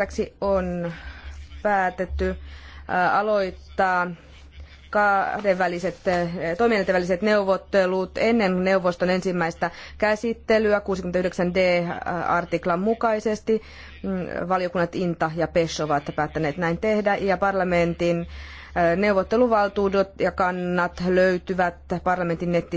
lisäksi on päätetty aloittaa kahdenväliset väliset neuvottelut ennen neuvoston ensimmäistä käsittelyä 69D-artiklan mukaisesti. Mm, valiokunnat Inta ja PESH ovat päättäneet näin tehdä ja parlamentin neuvotteluvaltuudet ja kannat löytyvät parlamentin nettisivuilta.